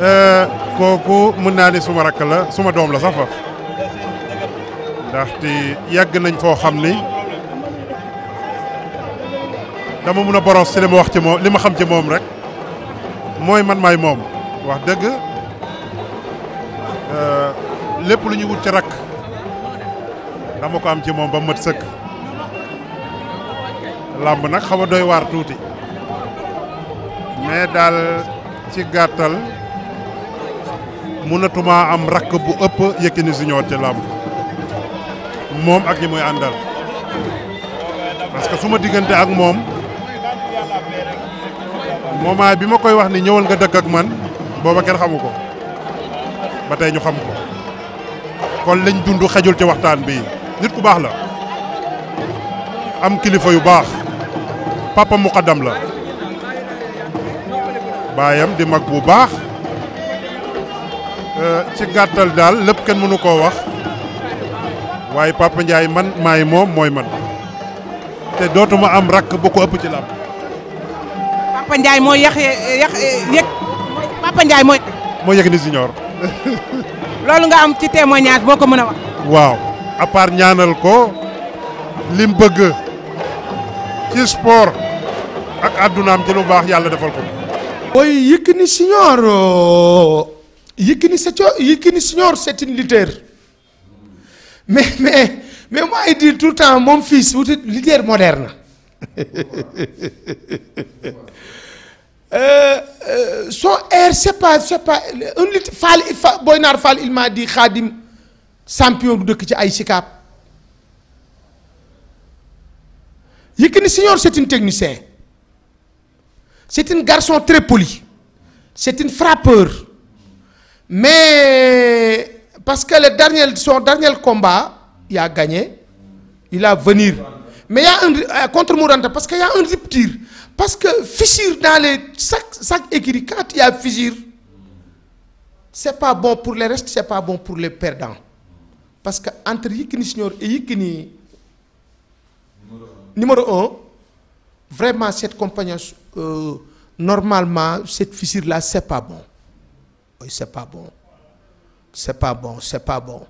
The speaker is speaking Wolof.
Euh, kooku mën naa ni suma rakk la suma doom la sax fa ndaxte yàgg nañ foo xam ni dama mun a boros ci li ma wax ci moom li ma xam ci moom rek mooy man maay moom wax dëgg euh, lépp lu ñuy wut ci rakk dama ko am ci moom ba mat sëkk làmb nag xaw a doy waar tuuti mais daal ci gàttal mënatuma am rakk bu ëpp Yékini Junior ci làmb moom ak ñi muy àndal parce que su ma diggante ak moom moment bi ma koy wax ni ñëwal nga dëkk ak man booba kenn xamu ko ba tey ñu xam ko kon lañ dund xajul ci waxtaan bi nit ku baax la am kilifa yu baax papa muqaddam la baayam di mag bu baax Euh, ci gàttal daal lépp kenn mënu koo wax waaye Papa Ndiaye man maay moom mooy man te dootuma am rakk bu ko ëpp ci làmb. Papa Ndiaye mooy yàq yàq yëg mooy. moo yëg ni junior. loolu nga am ci témoignage boo ko mën a wax. waaw à ñaanal ko lim bëgg ci sport ak àddunaam ci lu baax yàlla defal ko. mooy Yékini Junior. Yékini c'est Yékini senior c'est une leader mais mais mais moi il dit tout le temps moom fils wuti leader moderne euh, euh, son air c'est pas c'est pas un lit Fall Boy Naar Fall il m'a dit Khadim champion bu dëkk ci ay sikaab Yékini senior c'est une technicien c'est un garçon très poli c'est un frappeur Mais parce que le dernier, son dernier combat, il a gagné, la a venir. Mais il y a un euh, contre Mouranta parce que ya a un Parce que fissure dans les sacs, sacs écrits, quand il y a c'est pas bon pour le restes, c'est pas bon pour les perdants. Parce que entre Yikini Senior et Yikini numéro 1, vraiment cette compagnie, euh, normalement, cette fissure-là, c'est pas bon. Oui, c'est pas bon. C'est pas bon, c'est pas bon.